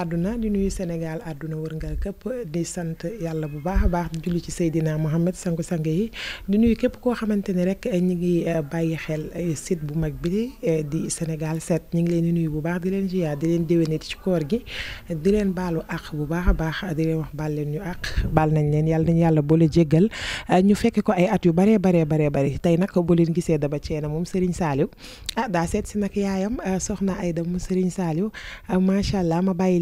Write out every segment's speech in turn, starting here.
àdduna di nuyu Sénégal àdduna wërngal këpp di sant yàlla bu baax a baax di julli ci Seydina Mohamed sangu-sang yi di nuyu képp koo xamante ni rek eh, ñi ngi eh, bàyyi xel eh, site bu mag bi di Sénégal seet ñi ngi leen di nuyu bu baax di leen jiyaa di leen déwénati ci koor gi di leen baalu àq bu baax a baax di leen wax baal leen ñu àq baal nañ leen yàlla nañ yàlla boole jéggal ñu fekk ko ay at yu baree baree baree bari tey nag boo leen gisee daba ceena moom sëriñ Saliou ah daa seet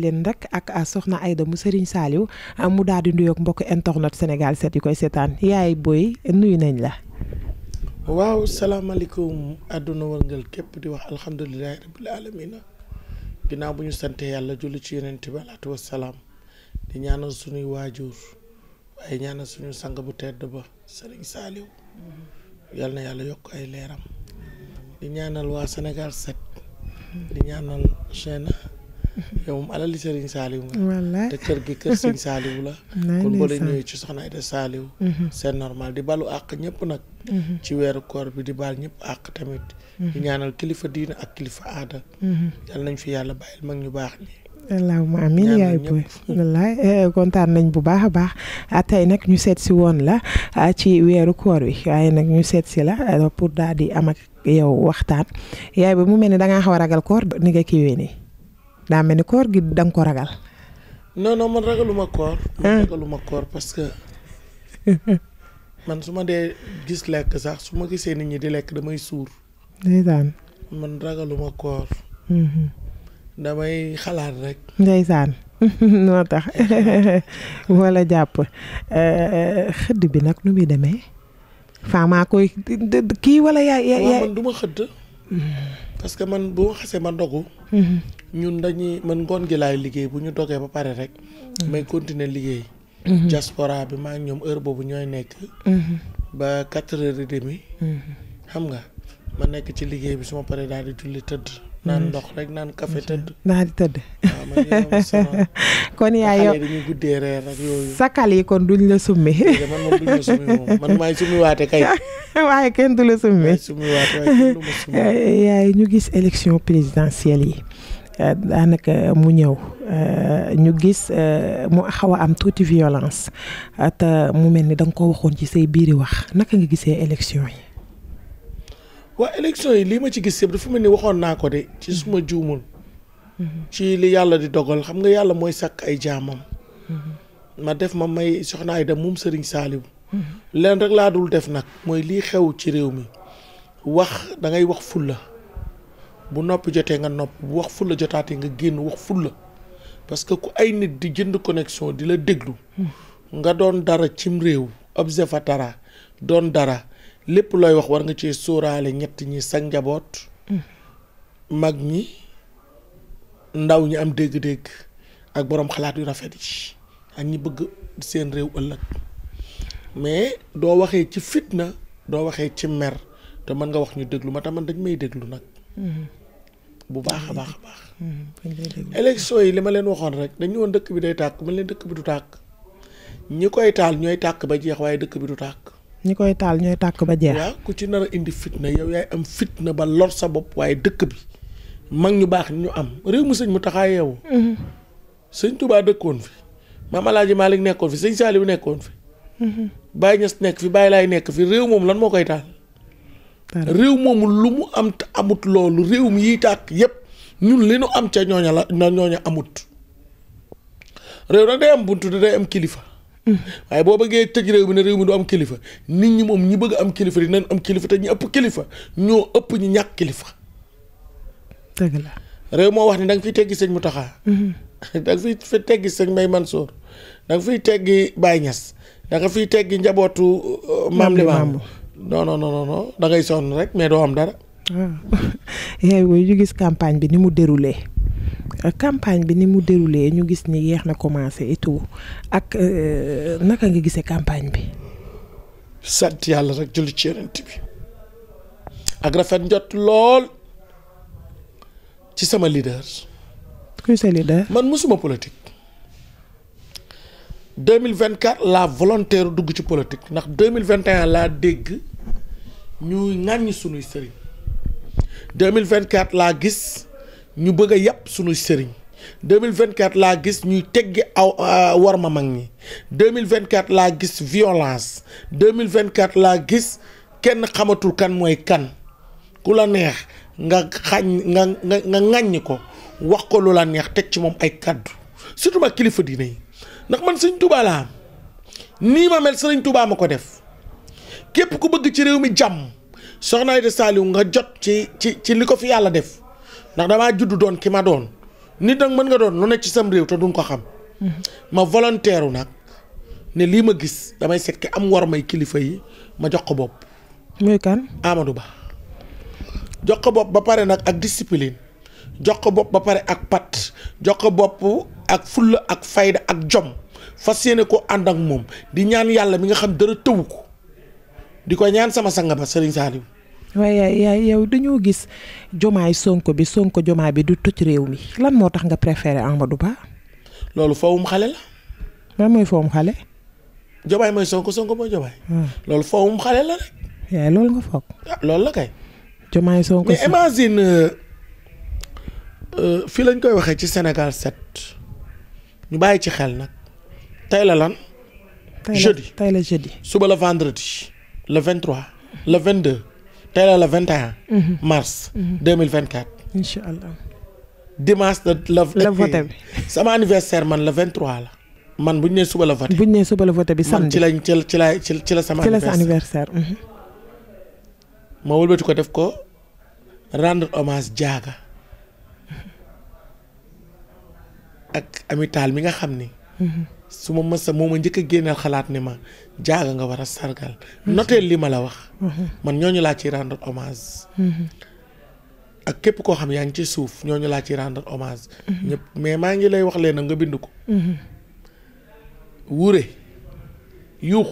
leen rek ak soxna Aida mu Serigne Saliou mu daal di nuyoog mbokk internet Sénégal 7 yi koy seetaan yaay booy nuyu nañ la. waaw salaamaaleykum àdduna wërngal képp di wax alhamdulilahi rabbil alamina ginnaaw bu ñu sante yàlla julli ci yonent bi alaatu wasalaam di ñaanal suñuy waajur waaye ñaanal suñu sang bu tedd ba Serigne Saliou yal na yàlla yokk ay leeram di ñaanal waa Sénégal 7 di ñaanal chaîne yow moom alali Serigne Saliou nga. te kër gi kër Serigne Saliou la. kon boo leen ñëwee ci soxna Aida Saliou. Mhm. c'est di balu àq ñëpp nag. Mhm. ci weeru koor bi di baal ñëpp àq tamit. Mhm. ñaanal kilifa diina ak kilifa aada. yal nañ fi yàlla bàyyil mag ñu baax ñi. allahuma amin yaay booy wallaay eh, kontaan nañ bu baax a baax ah, tey nag ñu seet si woon la ah, ci weeru koor wi waaye nag ñu seet si la ah, pour daal di am ak yow waxtaan yaay ba mu mel ni da ngaa xaw ragal koor ni nga kiiwee nii daa mel ni koor gi da ko ragal. non ragaluma koor. man ah. parce que man su ma dee gis lekk sax su ma gisee nit ñi di lekk damay suur. ndeysaan. man ragaluma koor. Mhm. damay xalaat rek. ndeysaan. noo tax wala jàpp eh, eh, xëdd bi nag nu muy demee. faamaa koy kii wala. yaa yaa parce que man bu ma xasee ma ndogu. ñun dañuy man ngoon gi laay liggéey bu ñu dogee ba pare rek. may continuer liggéey. diaspora bi maa ñoom heure boobu ñooy nekk. ba quatre heures et demie. Mm-hmm. xam nga ma nekk ci liggéey bi su ma paree daal di julli tëdd. naa ndox rek naan café tëdd. naan tëdd. kon yaa yow dañuy guddee sakal yi kon du la summi. Eh, yaay ñu gis élection présidentielle yi. Euh, daanaka mu ñëw euh, ñu gis euh, mu xaw a am tuuti violence te mu mel ni da ko waxoon ci say biir yi wax naka nga gisee élection yi. waa élection yi lii ma ci gis yëpp dafa mel ni waxoon naa ko de ci suma juumul ci li yàlla di dogal xam nga yàlla mooy sàkk ay jaamam ma def ma may soxna Aida moom Serigne Saliou leen rek laa dul def nag mooy lii xew ci réew mi wax dangay wax fulla bu noppi jotee nga nopp bu wax fulla jotaatee nga génn wax fulla parce que ku ay nit di jënd connexion di la déglu nga doon dara cim réew observatara doon dara lépp looy wax war nga cee sóoraale ñett ñi sa njaboot mag ñi ndaw ñi am dégg-dégg ak boroom xalaat yu rafet yi ak ñi bëgg seen réew ëllëg mais doo waxee ci fitna doo waxee ci mer te mën nga wax ñu déglu ma tam man dañ may déglu nag bu baax a baax a baax élection yi li ma leen waxoon rek dañu woon dëkk bi day tàkk man leen dëkk bi du tàkk ñi koy taal ñooy tàkk ba jeex waaye dëkk bi du tàkk ñi koy taal ñooy tàkk ba jeex. waaw ku ci nar indi fitna yow yaay am fitna ba lor sa bopp waaye dëkk bi mag ñu baax ñu am réew mi sëñ mu taxaa yeewu. Mhm. sëñ Touba fi maam El Hadj nekkoon fi sëñ Saliou nekkoon fi. Mhm. Baye Niass nekk fi Baye Laay nekk fi réew moom lan moo koy taal. réew moomu lu mu am amut loolu réew mi yiy tàkk yépp ñun li nu am ca ñooña la ñooña amut. réew nag day am buntu day am kilifa. waaye boo bëggee tëj réew mi ne réew mi du am kilifa nit ñi moom ñi bëgg am kilifa dinañ am kilifa te ñi ëpp kilifa ñoo ëpp ñi ñàkk kilifa. dëgg la réew moo wax ne da nga teggi sëñ Mountakha. Mm-hmm. da nga fiy teggi sëñ May Mansour da nga fiy teggi Baye Niass da nga njabootu. Uh, maam li maam non non non da ngay sonn rek mais doo am dara. Ah. yaay booy ñu gis campagne bi ni mu déroulé. campagne bi ni mu déroulé ñu gis ni yeex na commencé et tout ak euh, naka nga gisee campagne bi. sant yàlla rek julli ci yonent bi ak rafet njot lool ci sama leader. kuy sa leader. man musuma politique. 2024 la volontaire dugg ci politique ndax 2021 laa dégg ñuy ŋàññi sunuy sëriñ 2024 laa gis. ñu bëgg a yàpp suñu sëriñ 2024 laa gis ñuy teggi aw euh, war ma mag ñi 2024 laa gis violence 2024 laa gis kenn xamatul kan mooy kan ku la neex nga xañ nga nga nga ŋàññi ko wax ko lu la neex teg ci moom ay kàddu surtout ma kilifa diine yi ndax man sëñ Tuubaa laa am nii ma mel sëriñ Tuubaa ma ko def képp ku bëgg ci réew mi jàmm soxna Aida Saliou nga jot ci ci ci li ko fi yàlla def ndax damaa judd doon ki ma doon nit nag mën nga doon lu ne ci sam réew te duñ ko xam. Mhm. ma volontaire nag ne lii ma gis damay seet ki am war may kilifa yi ma jox ko bopp. muy kan Amadou Ba. jox ko bopp ba pare nag ak discipline jox ko bopp ba pare ak pat jox ko bopp ak fulla ak fayda ak jom fas yéene ko ànd ak moom di ñaan yàlla mi nga xam dara tëwu ko di ko ñaan sama sanga ba Serigne Saliou waaye yow dañoo gis jomaay sonko bi sonko jomaay bi du toj réew mi lan moo tax nga préféré Amadou Ba. loolu fawum xale la. lan mooy fawum xale. jomaay mooy sonko sonko mooy jomaay. Hmm. loolu fawum xale la rek. yaay loolu nga foog. Ah, loolu la kay. jomaay sonko mais imagine euh, fii lañ koy waxee ci Sénégal 7 ñu bàyyi ci xel nag tey la lan. jeudi tey la jeudi. suba la vendredi le 23 le 22. tey la le vingt et un mhm. mars mhm. deux mille vingt quatre incha allah dimanche la la vote bi sama anniversaire man la vingt trois la man buñ ñu nee suba la vote bu ñu bi samedi man ci la ci la ci la ci la sama anniversaire mhm. ma wëlbati ko def ko rendre hommage jaaga ak amital mi nga xam ni su ma mësa moo ma njëkk a génneel xalaat ni ma jaaga nga war a sargal noteel li ma la wax man ñooñu laa ci rendre hommage ak képp koo xam yaa ngi ci suuf ñooñu laa ci rendre hommage ñëpp mais maa ngi lay wax leen nga bind ko wure yuux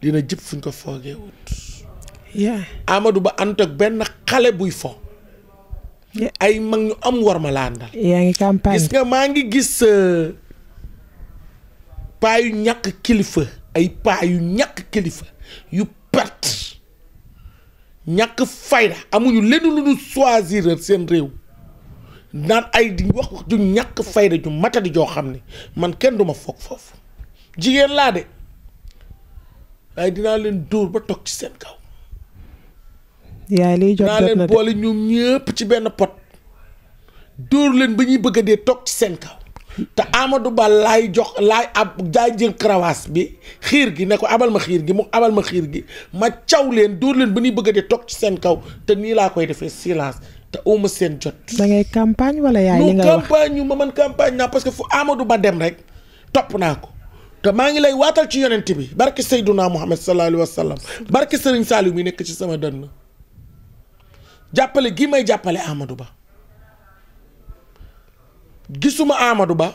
dina jëpp ko foogee wut Ba ànd ak benn xale buy ma maa ngi gis euh, paa yu ñàkk kilifa ay paa yu ñàkk kilifa yu perte ñàkk fayda amuñu lenn lu ñu choisir seen réew naan ay di wax ju ñàkk fayda ju matadi joo xam ne man kenn duma foog foofu jigéen laa de waaye dinaa leen dóor ba toog ci seen kaw yaay liy na dinaa leen boole ñoom ñëpp ci benn pot dóor leen ba ñuy bëgg a dee toog ci seen kaw te amadu Ba laay jox laay ab jaay jël karawaas bi xiir gi ne ko abal ma xiir gi mu abal ma xiir gi ma caw leen dóor leen ba ñuy bëgg di toog ci seen kaw te nii laa koy defee silence te uma seen jot. da ngay campagne wala yaay li nga wax campagne ñu ma man campagne naa parce que fu amadu Ba dem rek topp naa ko. te maa ngi lay waatal ci yonent bi barke Seydouna Muhammad sallallahu alayhi wa sallam barke Serigne Saliou mi nekk ci sama dënn jàppale gi may jàppale Amadou Ba gisuma Amadou Ba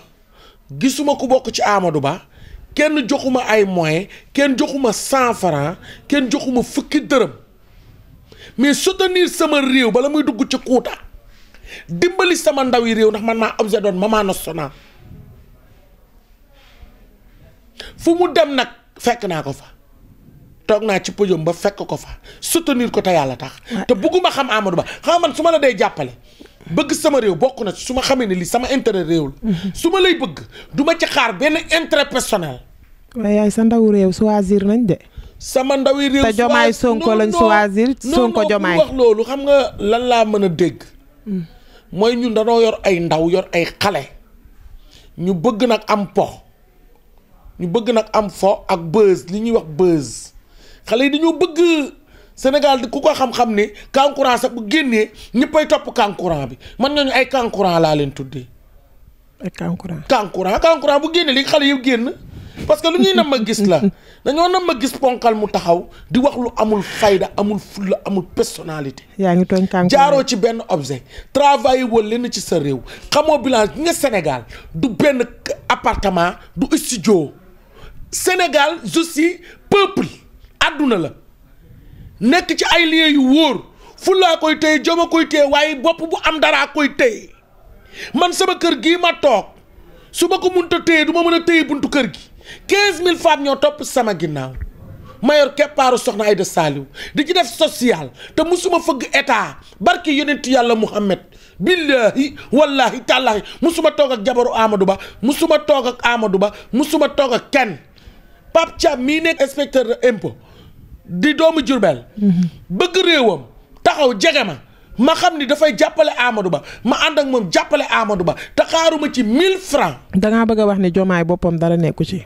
gisuma ku bokk ci Amadou Ba kenn joxuma ay moyens kenn joxuma cent francs kenn joxuma fukki dërëm mais soutenir sama réew bala muy dugg ci kuuta dimbali sama ndaw yi réew ndax man maa objet doon maman national fu mu dem nag fekk naa ko fa toog naa ci podium ba fekk ko fa soutenir ko te yàlla tax te bugguma xam Amadou Ba xam man su ma la dee jàppale bëgg sama réew bokk na su ma xamee ne lii sama intérêt réew la. Mhm. su ma lay bëgg du ma ci xaar benn intérêt personnel. waaye yaay sa ndaw réew choisir nañ de. sama ndawi réew. te jomaay sonko lañ choisir. sonko jomaay wax loolu xam nga lan laa mën a dégg. Mm. mooy ñun danoo yor ay ndaw yor ay xale. ñu bëgg nag am po. ñu bëgg nag am fo ak buzz li ñuy wax buzz xale yi dañoo bëgg. Sénégal ku ko xam-xam ne kankurang sax bu génnee ñëppay topp kankurang bi man ñooñu ay kankurang laa leen tuddee. ay kankurang kankurang kankurang bu génnee li xale yu génn. parce que lu ñuy nam a gis la dañoo nam ma gis ponkal mu taxaw di wax lu amul fayda amul fulla amul personnalité. yaa ngi tooñ kankurang jaaroo ci benn objet. travail wala lenn ci sa réew xamoo bilan bi nga Sénégal du benn appartement du studio Sénégal je suis la. nekk ci ay lieu yu wóor fulaa koy téye jom a koy téye waaye bopp bu am dara daraa koy téye man sama kër gii ma toog su ma ko munta téye du ma mën a téye buntu kër gi mille femmes ñoo topp sama ginnaaw ma yor keppaaru soxna ay de Saliou di ci def social te musuma fëgg état barki yonent yàlla Muhammad billahi wallahi tàllahi musuma toog ak jabaru Amadou Ba musuma toog ak Amadou Ba musuma toog ak kenn Pape Thiam mii nekk inspecteur de impo di doomu Jurbel mhm. bëgg réewam taxaw jege ma ma xam ni dafay jàppale Amadou Ba ma ànd ak moom jàppale Amadou Ba te xaaruma ci 1000 francs dangaa bëgg a wax ni jomaay boppam dara nekku ci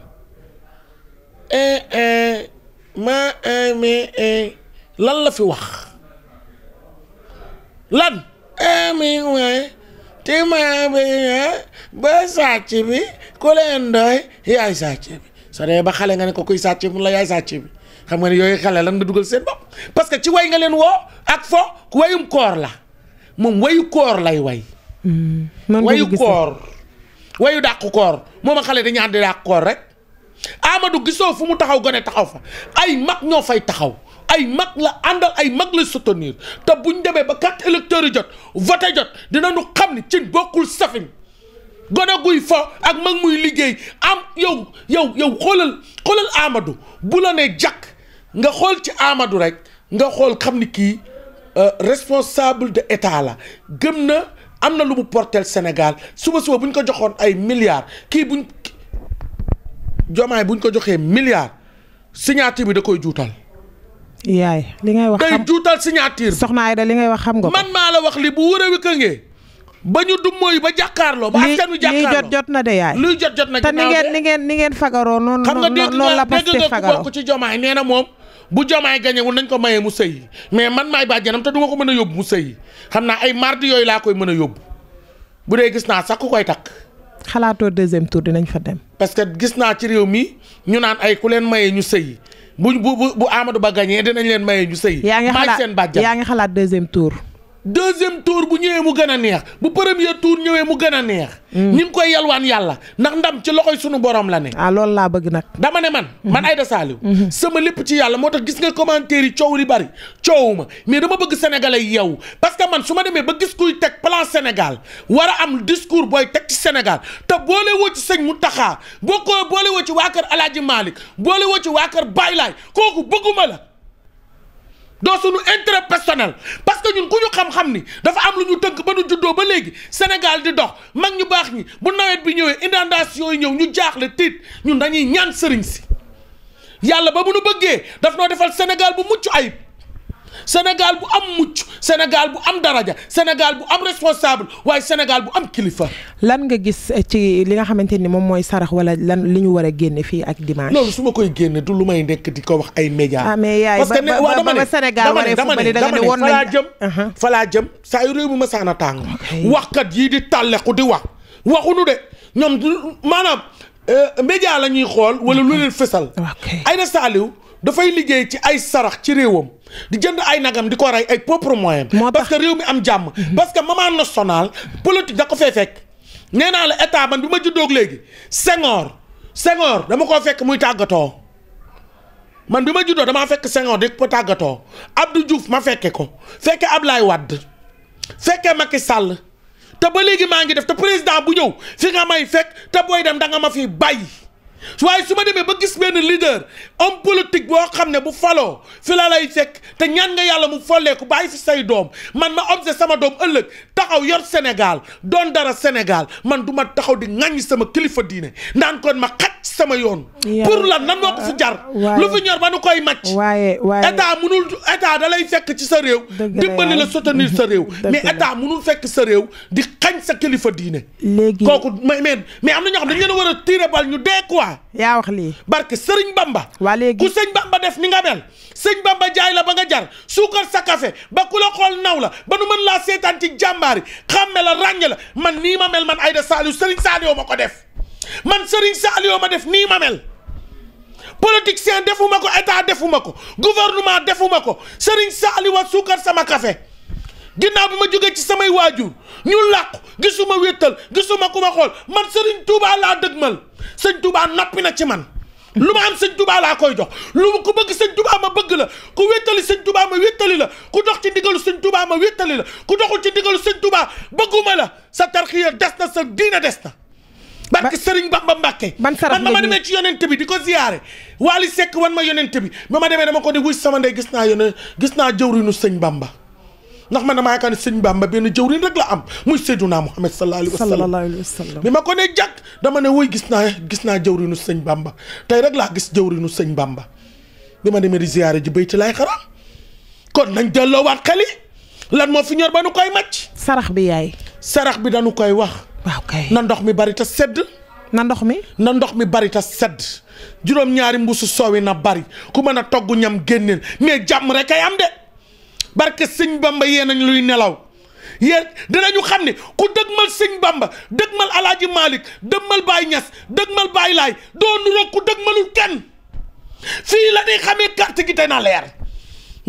eh, eh, ma eh, mais lan la fi wax lan ami waaye te ma ah, ba sàcc bi ku leen doy yaay sàcc bi sa dee ba xale nga ne ko kuy sàcc mu la yaay sàcc bi xam nga ne yooyu xale lan nga duggal seen bopp parce que ci way nga leen woo ak fo wayum koor la moom wayu koor lay way hmm. wayu koor wayu dàqu koor moom a xale dañu ànd dàqu koor rek Amadou gisoo fu mu taxaw gone taxaw fa ay mag ñoo fay taxaw ay mag la àndal ay mag la soutenir te buñ demee ba carte yi jot voté jot dinañu xam ni cin bokkul safin gone guy fo ak mag muy liggéey am yow yow yow xoolal xoolal Amadou bu la nee jàkk nga xool ci Amadou rek nga xool xam ni kii euh, responsable de état la gëm na am na lu mu portel Sénégal suba suba bu ñu ko joxoon ay milliards kii buñ jomaay bu ñu ko joxee milliards signature bi da koy juutal. yaay li ngay wax day juutal signature bi soxna Aida li wax xam nga ko. man maa la wax li bu wërëwee ka ngee ba ñu dum mooy ba jàkkaarloo. ba askanu jàkkaarloo jot jot na de yaay. jot jot na te ni ngeen ni ngeen ni ngeen fagaroo noonu. noonu la pastef fagaroo xam nga dégg nga dégg nga ku bokk ci jomaay nee na moom. bu jomaay gañe wul nañ ko mayee mu sëy mais man maay bàjjanam te duma ko mën a yóbbu mu sëy xam naa ay mardi yooyu laa koy mën a yóbbu bu dee gis naa sax ku koy takk. xalaatoo deuxième tour dinañ fa dem. parce que gis naa ci réew mi ñu naan ay ku leen mayee ñu sëy bu bu bu Amadou Ba gañee dinañ leen mayee ñu sëy. yaa ngi xalaat yaa ngi xalaat deuxième tour. deuxième tour bu ñëwee mu gën a neex bu premier tour ñëwee mu gën a neex. ñi mm. ngi koy yalwaan yàlla ndax ndam ci loxoy sunu borom la ne. ah loolu laa bëgg nag. dama ne man mm-hmm. man Aïda Saliou. Mm-hmm. sama lépp ci yàlla moo tax gis nga commentaire yi coow li bari coowu ma mais dama bëgg sénégalais yow parce que man su ma demee ba gis kuy teg plan Sénégal war a am discours booy teg ci Sénégal te boole woo ci sëñ Mountakha boo ko boole woo ci waa kër El Hadj Malick ci waa kër Baye Laye kooku bëgguma la. doo suñu intérêt personnel parce que ñun ku ñu xam-xam ni dafa am lu ñu tënk ba nu juddoo ba léegi Sénégal di dox mag ñu baax ñi bu nawet bi ñëwee inondation yi ñëw ñu jaaxle tiit ñun dañuy ñaan sëriñ si yàlla ba bu bëggee daf noo defal Sénégal bu mucc ayib. Sénégal bu am mucc Sénégal bu am daraja Sénégal bu am responsable waaye Sénégal bu am kilifa. lan nga gis eh, ci li nga xamante ni moom mooy sarax wala lan li ñu war a génne fii ak dimanche. loolu su ma koy génne du lu may nekk di ko wax ay médias. Ah, mais yaay ba ba ba Sénégal waree fubali da nga ne woon nañ jëm uh-huh. fa laa jëm saa yu réew mi ma saana tàng. kat yii di tàlleku di wax waxuñu de ñoom maanaam euh, média la ñuy xool wala lu leen fësal. ay na Saliou. dafay liggéey ci ay sarax ci réewam di jënd ay nagam di ko rey ay propre moyen parce réew mi am jàmm parce que maman nationale politique da ko fee fekk nee naa la état man bi ma juddóog léegi Senghor Senghor dama koo fekk muy tàggatoo man bi ma juddoo damaa fekk Senghor di ko tàggatoo Abdou Diouf ma fekke ko fekke Ablaye Wade fekke Macky sàll te ba léegi maa ngi def te président bu ñëw fi nga may fekk te booy dem da nga ma fi bàyyi waaye su ma demee ba gis benn leader homme politique boo xam ne bu faloo fi la lay sekk te ñan nga yàlla mu folleeku bàyyi fi say doom man ma objet sama doom ëllëg taxaw yor senegal doon dara Sénégal man du ma taxaw di ŋàññi sama kilifa diine ndaan kon ma xaj sama yoon. pour lan nan moo ko fi jar. lu fi ñor ba koy màcc. waaye waaye état munul état da lay fekk ci sa réew. dimbali la soutenir sa réew. mais état munul fekk sa réew di xañ sa kilifa diine. léegi kooku mais mais am na ñoo xam dañu leen a war a tiire bal ñu dee quoi. yaa wax lii barke sëriñ Bamba waa léegi ku sëñ Bamba def mi nga mel sëñ Bamba jaay la ba nga jar suukar sa kafe ba ku xool naw la ba nu mën laa seetaan ci jàmbaari xàmme la ràññe la man nii man ay man Aïda Saliou sëriñ Saliou ma ko def man sëriñ Saliou ma def nii ma mel defuma ko état defuma ko gouvernement defuma ko sëriñ Saliou wa suukar sama kafe ginnaaw bi ma jógee ci samay waajur ñu làqu gisuma wéttal gisuma ku ma xool man sëriñ Touba laa dëgmal sëñ Touba nappi na ci man lu ma am sëñ Touba laa koy jox lu ku bëgg sëñ Touba ma bëgg la ku wéttali sëñ Touba ma wéttali la ku dox ci ndigalu sëñ Touba ma wéttali la ku doxul ci ndigalu sëñ Touba bëgguma la sa tarxiya des na sa diina des na barke Serigne Bamba Mbàkke man ba ma demee ci yonent bi di ko ziyaare Waly Seck wan ma yonent bi ba ma demee dama ko ne wuy sama ndey gis naa yone gis naa jëwriñu sëñ Bamba ndax man damaa yaakaar ne sëñ Bamba benn jëwriñ rek la am muy Seydunaa Muhammad sallallahu alayhi wa sallam bi ma ko ne jàkk dama ne woy gis naa gis naa jëwriñu sëñ Bamba tey rek laa gis jëwriñu sëñ Bamba bi ma demee di ziyaare ji béy ci laay xaram kon nañ delloowaat xel yi lan moo fi ñor ba nu koy màcc sarax bi yaay sarax bi dañu koy wax waaw kay na ndox mi bari te sedd na ndox mi na ndox mi bari te sedd juróom-ñaari mbuusu soowi na bari ku mën a togg ñam génneel mais jàmm rek ay am de barke sëñ bamba yee nañ luy nelaw dina ñu xam ne ku dëgmal sëñ bamba dëgmal alaaji malik dëgmal baay ñas dëgmal baay laay doo nuroog ku dëgmalul kenn fii la ñuy xamee carte gi tey na leer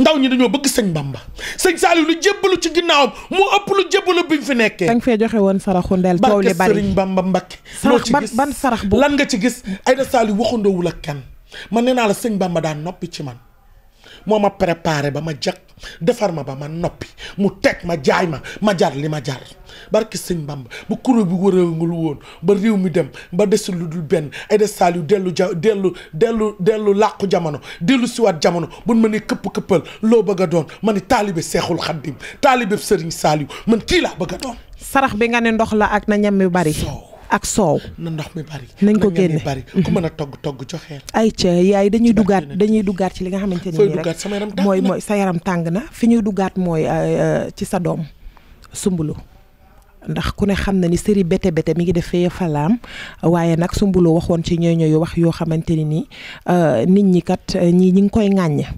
ndaw ñi dañoo bëgg sëñ bamba sëñ Saliou lu jébbalu ci ginnaawam mu ëpp lu jébbalu bi mu fi nekkee. da nga fee joxe woon saraxu ndel taw li bari sëriñ bamba Mbakke. loo ci gis sarax bu lan nga ci gis Aïda Saliou waxandoowul ak kenn man nee naa la sëñ bamba daan noppi ci man. moo ma préparé ba ma jag defar ma ba ma noppi mu teg ma jaay ma ma jar li ma ba barki sëñ Bamba bu kuréel bi wërëngul woon ba réew mi dem ba desul lu dul benn ay des saal dellu ja dellu dellu dellu làqu jamono dellu siwaat jamono buñ ma ne këpp këppal loo bëgg a doon ma ne taalibe seexul xaddim taalibe sëriñ Saaliw man kii laa bëgg a doon. sarax bi nga ne ndox la ak na ñam yu bari. ak soow. na ndox mi bari nañ ko génne ku mën a togg togg joxe. ay ca yaay dañuy dugaat dañuy dugaat ci li nga xamante ne nii rek mooy mooy sa yaram tàng na fi ñuy dugaat mooy euh, euh, ci sa doom sumbulu. ndax ku ne xam na ni série bete bete mi ngi def defee falaam waaye nag sumbulu waxoon ci ñooy ñooy wax yoo xamante ni nii euh, nit ñi kat ñi ñu ngi koy ŋàññ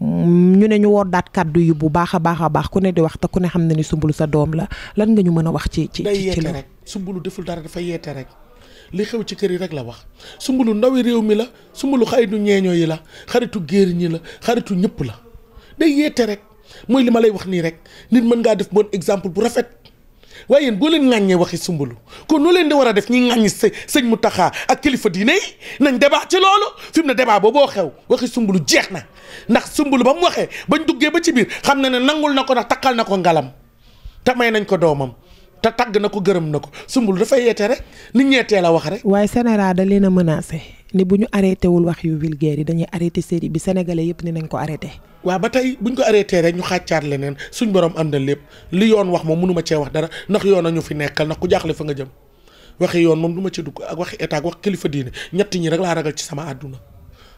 ñu ne ñu woo daat kàddu yi bu baax a baax a baax ku ne di wax te ku ne xam na ni sumbulu sa doom la lan nga ñu mën a wax ci ci day yeete rek sumbulu deful dara dafa yeete rek li xew ci kër yi rek la wax sumbulu ndawi réew mi la sumbulu xaritu ñeeñoo yi la xaritu géer ñi la xaritu ñëpp la day yeete rek mooy li ma lay wax nii rek nit mën ngaa def bon exemple bu rafet waaye yéen boo leen ŋàññee waxi sumbulu kon noo leen di war a def ñi ŋàññi së sëñ mu taxaa ak kilifa diine yi nañ débat ci loolu fi mu ne débat boo xew waxi sumbalu jeex na ndax sumbulu ba mu waxee bañ duggee ba ci biir xam na ne nangul na ko ndax takkal na ko ngalam tamay nañ ko doomam te tagg na ko gërëm na ko sumbul dafa yeete rek ni ñee la wax rek. waaye Sénégal da leen a menacé ni bu ñu arrêté wul wax yu vulgaire yi dañuy arrêté série bi sénégalais yëpp ni nañ ko arrêté. waaw ba tey buñ ko arrêté rek ñu xàccaat leneen suñ borom am na lépp li yoon wax moom mënuma cee wax dara ndax yoon a ñu fi nekkal ndax ku jaaxle fa nga jëm waxi yoon moom du ma ci dugg ak waxi état ak wax kilifa diine ñett ñi rek laa ragal ci sama àdduna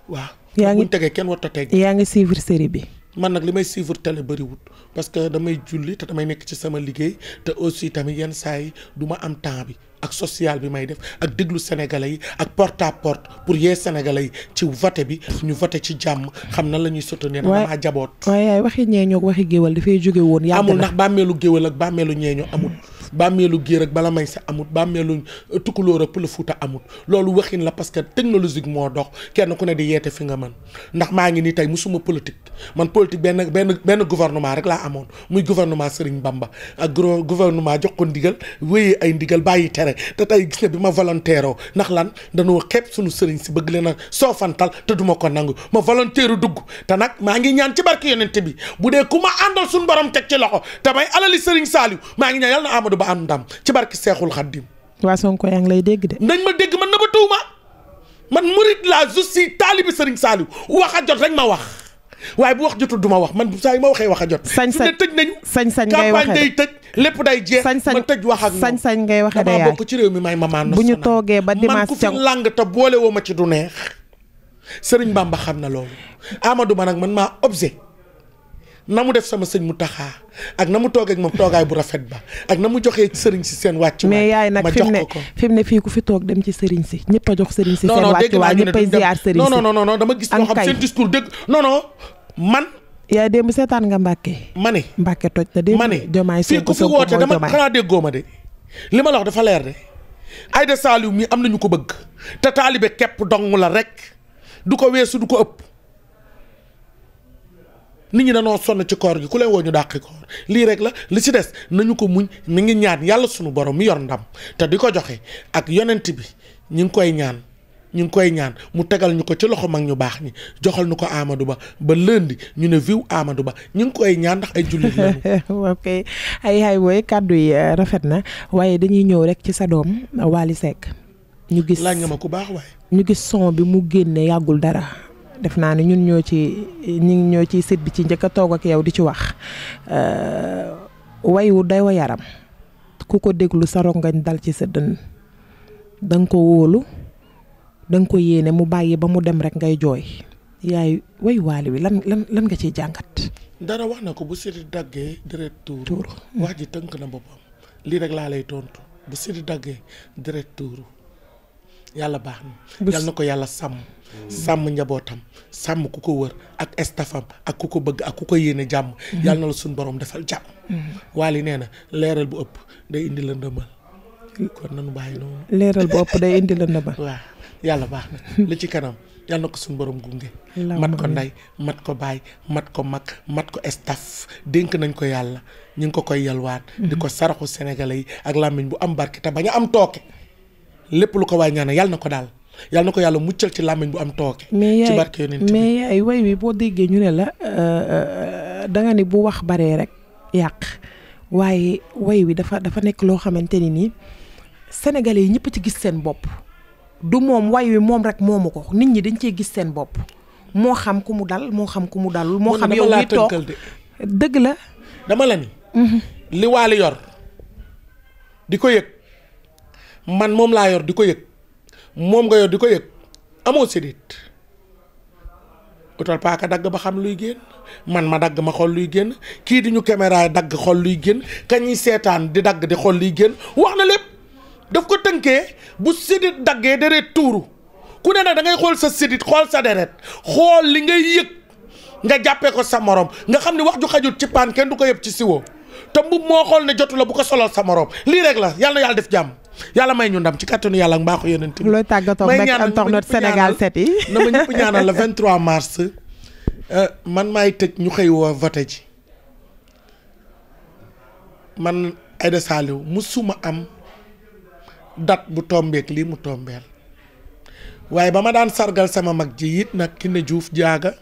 waaw. yaa ngi buñ tegee kenn warut a teg. yaa ngi suivre série bi. man nag li may suivre tele bëriwul parce que damay julli te damay nekk ci sama liggéey te aussi tamit yenn saa yi du ma am temps bi. ak sociale bi may def ak déglu sénégalais yi ak porte à porte pour yee sénégalais yi ci vote bi ñu vote ci jàmm xam na la ñuy soutenir damaa jaboot waaye waxi ñeeñoo ak waxi géwal dafay jóge woon yàgg na amul ndax bàmmeelu géwal ak bàmmeelu ñeeñoo amul bàmmeelu géer ak bala may sa amut bàmmeelu tukkulóor ak pël fuuta amut loolu waxin la parce que technologique moo dox kenn ku ne di yeete fi nga mën ndax maa ngi nii tey musuma politique man politique benn benn benn gouvernement rek laa amoon muy gouvernement Serigne Bamba ak gouvernement jox ko ndigal wéyee ay ndigal bàyyi tere te tey gis nga bi ma volontaire ndax lan dañoo xeeb suñu sëriñ si bëgg leen soo soofantal te duma ko nangu ma volontaire dugg te nag maa ngi ñaan ci barke yonente bi bu dee ba am ndam ci barki seexul xaddim waa Sonko yaa ngi lay dégg de. nañ ma dégg man na ma tuuma man murit laa je suis taalibi Serigne Saliou wax a jot rek ma wax waaye bu wax jotul du ma wax man saa yi ma waxee wax a jot. sañ sañ tëj nañu. sañ sañ ngay waxee day tëj lépp day jeex. sañ sañ tëj wax ak sañ sañ ngay waxee de yaay ci réew mi may maman. bu ñu toogee ba dimanche man ku fi làng te boole woo ma ci du neex Serigne Bamba xam na loolu Amadou ma nag man maa objet na mu def sama sëñ mu taxaa ak na mu toog ak moom toogaay bu rafet ba ak na mu joxee sëriñ si seen wàcc mais yaay nag fi mu ne fii ku fi toog dem ci sëriñ si ñëpp a jox sëriñ si seen wàcc waay ñëpp man yaay démb seetaan nga Mbàkke ma ne Mbàkke toj na démb ma ne jomaay fii ku fi woote dama xanaa déggoo ma de li ma la dafa leer de Aïda Saliou mi am na ñu ko bëgg te taalibe kepp dong la rek du ko weesu du ko ëpp nit ñi danoo sonn ci koor gi ku leen woo ñu dàqi koor lii rek la li si des nañu ko muñ mi ngi ñaan yàlla sunu borom mi yor ndam te di ko joxe ak yonent bi ñu ngi koy ñaan ñu ngi koy ñaan mu tegal ñu ko ci loxo mag ñu baax ñi joxal ñu ko Amadou Ba ba lëndi ñu ne viw Amadou Ba ñu ngi koy ñaan ndax ay jullit lañu. ok ay ay wooy kàddu yi eh, rafet na waaye dañuy ñëw rek ci sa doom Wally Seck. ñu gis laaj nga ku baax ñu gis son bi mu génne yàggul dara. def naa ne ñun ñoo ci ñi ñoo ciy sit bi ci njëkk a toog ak yow di ci wax euh, way wu day wa yaram ku ko déglu sa rongañ dal ci sa dënn da ko wóolu da ko yéene mu bàyyi ba mu dem rek ngay jooy yaay way waali wi lan lan lan nga ciy jàngat. dara wax na ko bu siti daggee deret wax ji tënk na boppam lii rek laa lay tontu bu siti daggee deret yàlla baax na yàlla na ko yàlla sàmm sàmm njabootam sàmm ku ko wër ak estafam ak ku ko bëgg ak ku ko yéene jàmm mm-hmm. yàlla na la suñ borom defal jàmm mm-hmm. waali nee bu ëpp day la ndëmal kon nanu bàyyi la ndëmal waaw yàlla baax na li ci kanam yàlla ko suñu borom gunge mat ko ndey mat ko baay mat ko mag mat ko estaf dénk nañ ko yàlla ñu ngi ko koy yalwaat di mm-hmm. ko saraxu sénégalais yi ak làmmiñ bu am barke te bañ a am tooke lépp lu ko waay ñaanal yàlla na ko daal yàlla na ko yàlla muccal ci làmmiñ bu am tooke. ci barke yonent mais yaay woy wi boo déggee ñu ne la euh, euh, da ne bu wax baree rek yàq waaye woy wi dafa dafa nekk loo xamante ni nii sénégalais yi ñëpp ci gis seen bopp du moom way wi moom rek moomu ko nit ñi dañ cee gis seen bopp moo xam ku mu dal moo xam ku mu dalul. moo xam yow mi toog dëgg la. dama la ni. Mhm. li waali yor di ko yëg. man moom laa yor di ko yëg moom nga yor di ko yëg amoo sidit utal paaka dagg ba xam luy génn man ma dagg ma xool luy génn kii di ñu caméra dagg xool luy génn ka seetaan di dagg di xool luy génn wax na lépp daf ko tënkee bu sidit daggee deret tuuru ku ne nag da ngay xool sa sidit xool sa deret xool li ngay yëg nga jàppee ko sa morom nga xam ne wax ju xajul ci paan kenn du ko yëpp ci siwoo te mbub moo xool ne jotu la bu ko solal sa morom lii rek la yàlla yàlla def jàmm yàlla may ñu ndam ci kàttanu yàlla ak mbaaxu yeneen tamit. looy tàggatoo ak internet Sénégal 7 yi. na ma ñëpp ñaanal la 23 mars. Euh, man maay tëj ñu xëy woo voté ji man Aïda Saliou musuma am date bu tombeek lii mu tombeel waaye ba ma daan sargal sama mag ji it nag Kiné Diouf jaaga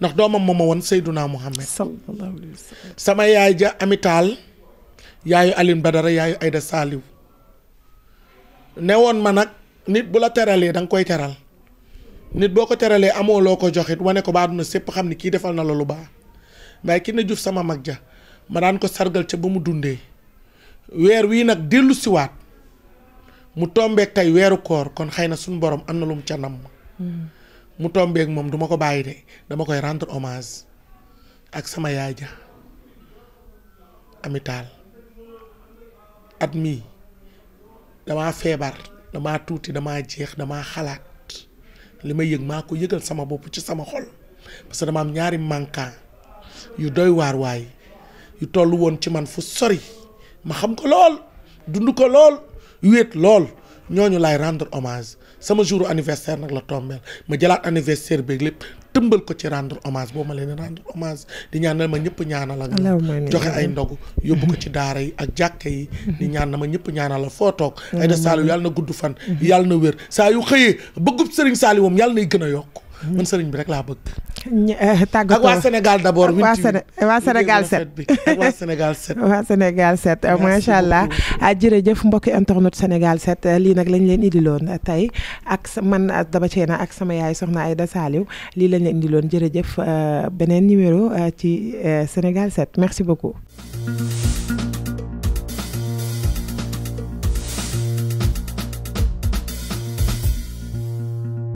ndax doomam ma ma woon Seydouna Mouhamed sallallahu alayhi wa sama yaay ja amital yaayu Alioune Badara yaayu Aïda Saliou ne woon ma nag nit bu la teralee danga koy teral nit boo ko teralee amoo loo ko joxit wane ko ba àdduna sépp xam ne kii defal na la lu baax waaye ki ne Juuf sama mag ja ma daan ko sargal ca ba mu dundee weer wii nag dellu siwaat mu tombeek tey weeru koor kon xëy na suñu borom am na lu mu ca nam hmm. mu tombeek moom duma ko bàyyi de dama koy rendre hommage ak sama yaay ja amital at mii damaa feebar damaa tuuti damaa jeex damaa xalaat li may yëg maa ko yëgal sama bopp ci sama xol parce que dama am ñaari manquant yu doy waar waay yu toll woon ci man fu sori ma xam ko lool dund ko lool wéet lool ñooñu laay rendre hommage sama jour anniversaire nag la tombeel ma jëlaat anniversaire beeg lépp tëmbal ko ci rendre hommage boo ma leen rendre hommage di ñaanal ma ñëpp ñaanal ak joxe ay ndogu yóbbu ko ci daara yi ak jàkka yi di ñaanal ma ñëpp ñaanal la foo toog Aïda Saliou yàlla na gudd fan mhm. yàlla na wér saa yu xëyee bëggub Serigne Saliou moom yàlla nay gën a yokk man sëriñ bi rek laa bëgg. tàggatoo ak waa Sénégal d' abord. waa Sénégal set ak waa Sénégal set. waa Sénégal set macha allah. jërëjëf mbokki internet Sénégal set lii nag lañ leen indiloon tey ak man daba ceena ak sama yaay soxna ay Saliou lii lañ loon indiloon jërëjëf beneen numéro ci Sénégal set merci beaucoup.